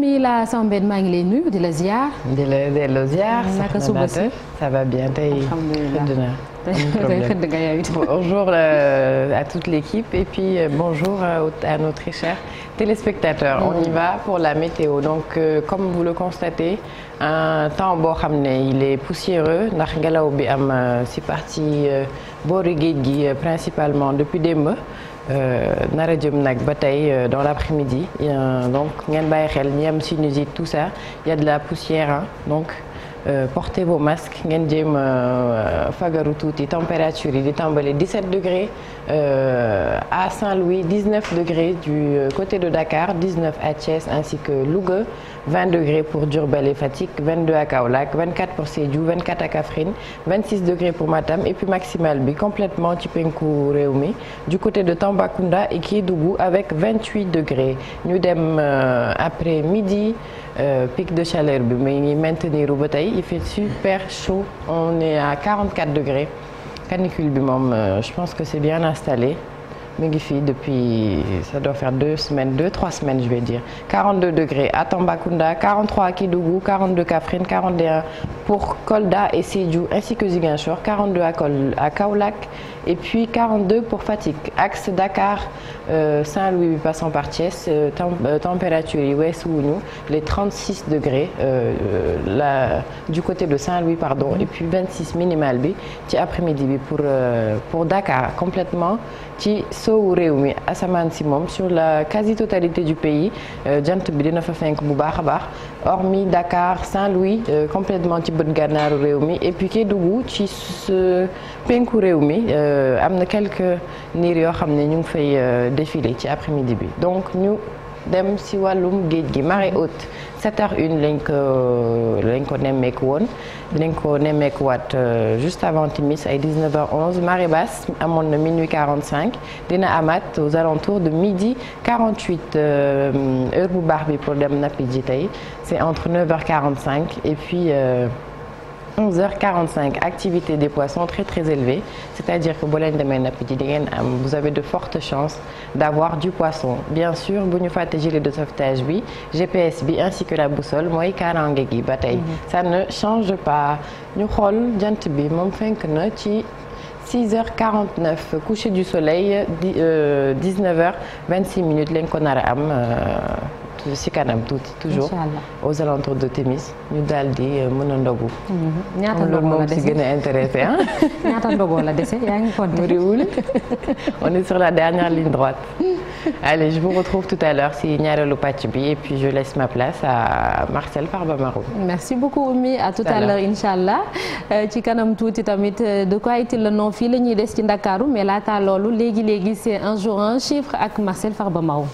Oumy la Sambène maa ngi lay nuyu di la ziar. di la delloo ziar. naka suba si ça va bien tey. alhamdulilah Bonjour euh, à toute l'équipe et puis euh, bonjour à nos très chers On y va pour la météo. Donc euh, comme vous le constatez, un temps boo xam ne il est poussiéreux ndax ngelaw bi am ci partie boori géej gi principalement depuis démb nara jëm nag ba tey dans l'après-midi donc ngeen bàyyi xel ñi am sinusite tout de la poussière donc Euh, portez vos masques ngeen jéem a euh, fagaru tuuti température yi di tàmbali 17 degrés euh, à Saint-Louis 19 degrés du côté de Dakar 19 à Thiès ainsi Louga 20 degrés pour Diourbel et Fatick 22 à Kaolack 24 pour Sédhiou 24 à Kaffrine 26 degrés pour Matam et puis maximal bi complètement ci penku réew mi du côté de Tambacounda et Kédougou avec 28 degrés ñu dem après midi. Euh, pic de chaleur bi mu ngi maintenir ba tey il fait super chaud on est à 44 degrés canicule bi moom euh, je pense que c'est bien installé mi ngi fii depuis ça doit faire deux semaines deux trois semaines je vais dire 42 degrés à Tambacounda 43 à Kédougou 42 Kaffrine 41 pour Kolda et Sédhiou ainsi que Ziguinchor 42 à Kol à Kaolack et puis 42 pour Fatick axe Dakar euh, Saint-Louis bi passant par Thiès euh, euh yi weesu wuñu les 36 degrés euh, euh, la du côté de Saint-Louis pardon et puis 26 minimal bi ci après-midi bi pour pour Dakar complètement sowu réew mi asamaan si moom sur la quasi totalité du pays euh, jant bi dina fa fenk bu baax a baax hormis Dakar sant louis euh, complètement ci bët gànnaaru réew mi et puis Kédougou ci ce penku réew mi euh, am na quelque niir yoo xam ne ñu ngi fay défiler ci après-midi bi donc ñu dem si wàllum géej gi marée haute 7h01 lañ ko lañ ko nemmeeku woon dinañ ko nemmeekuwaat euh, juste avant timis ay 19h11 marée basse amoon na minuit 45 dina amaat aux alentours de midi 48 euh, heure bu baax bi pour dem nappi ji tey c'est entre 9h45 et puis. Euh, 11h45 activité des poissons très très c'est-à-dire que boo leen demee napp ji di ngeen am vous avez de fortes chances d'avoir du poisson bien sûr bu ñu fàtte gilet de sauvetage bi GPS bi ainsi que la boussole mooy kaaraange gi ba tey mhm. ça ne pas ñu xool jant bi moom fenk na ci 6h49 coucher du soleil 19h26 euh, minutes leen ko nar a am euh, si kanam tuuti toujours. aux alentours de Témis ñu daal di euh, mën a ndogu. Mm-hmm. ñaata ndogoo la dese loolu moom si gën a intéressé ah. ñaata ndogoo la dese yaa ngi compté. bëriwul on est sur la dernière ligne droite. allez je vous retrouve tout à l'heure si ñaareelu pàcc bi et puis je laisse ma place à Marcel Farba Marou. merci beaucoup Oumy à tout à l'heure incha allah euh, ci kanam tuuti tamit euh, de quoi est-il le nom fii la ñuy des ci Ndakaaru mais laata loolu léegi léegi c'est un jour un chiffre ak Marcel Farba Marou.